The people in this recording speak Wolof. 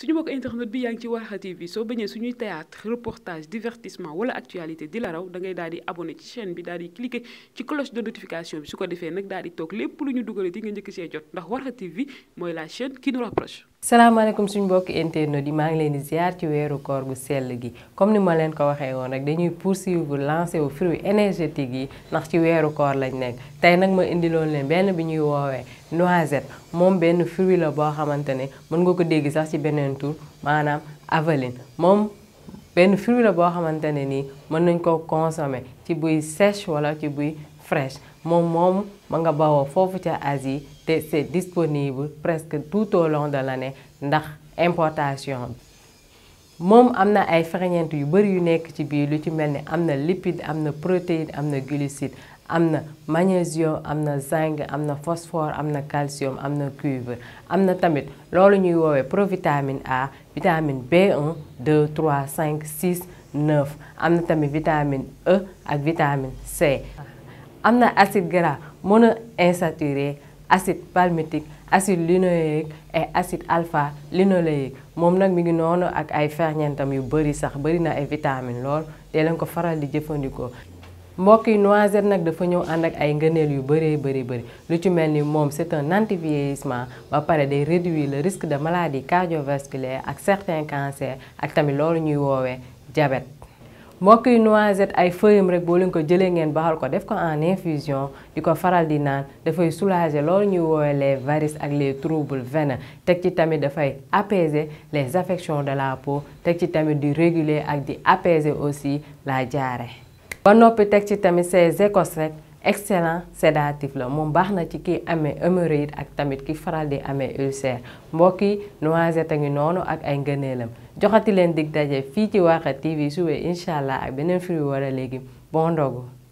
suñu mbokk internet bi yaa ngi ci Warkha TV soo bañee suñuy théâtre reportage divertissement wala actualité di la raw da ngay daal di abonné ci chaine bi daal di cliquer ci cloche de notification bi su ko defee nag daal di toog lépp lu ñu dugalee di nga njëkk see jot ndax Warkha TV mooy la chaîne qui nous rapproche salaamaaleykum suñu mbokk internet yi leen di ziar ci wéru koor gu comme ni ma leen ko waxee woon rek dañuy poursuivre lancer wu fruits énergétiques yi ndax ci wéru koor lañ nekk tey nag ma leen benn bi noisette moom benn fruit la boo xamante ne mën nga ko sax ci avaline fruit la consommer ci buy sèche wala ci fraîche moom mom, ma nga c'est disponible presque tout au long de l'année ndax l'importation. Mom amna ay ferñeent yu bari yu nek ci bi lu ci magnésium amna zinc amna phosphore amna calcium amna cuivre amna tamit lolu ñuy wowe provitamine A vitamine B1 2 3 5 6 9 amna tamit vitamine E ak vitamine C am acide gras monoinsaturé acide palmitique acide linoléique et acide alpha linoléique Mom nak mi ngi noonu ak ay ferñeentam yu bari sax bari na ay vitamine lool de len ko faral di jëfëndiko. mbokk yi noisette nag dafa ñew and ak ay ngëneel yu bëree bëri bëri lu ci melni mom c'est un antivieillissement ba pare day réduire le risque de maladie cardiovasculaire ak certains cancers ak tamit loolu ñuy woowee diabète moi noiset noisette ay ko en infusion diko faral di soulager les varices les troubles venins. tek ci tamit apaiser les affections de la peau tek ci tamit réguler ak di apaiser aussi la diarrhée. ba noppi tek ci tamit excellent sédatif la moom baax na ci ki amee hémorroïde ak tamit ki faral di amee ulcère mbokk yi noisette a ngi noonu ak ay ngëneelam joxati leen dig daje fii ci Warkha TV suba incha allah ak beneen firi war léegi bon ndogu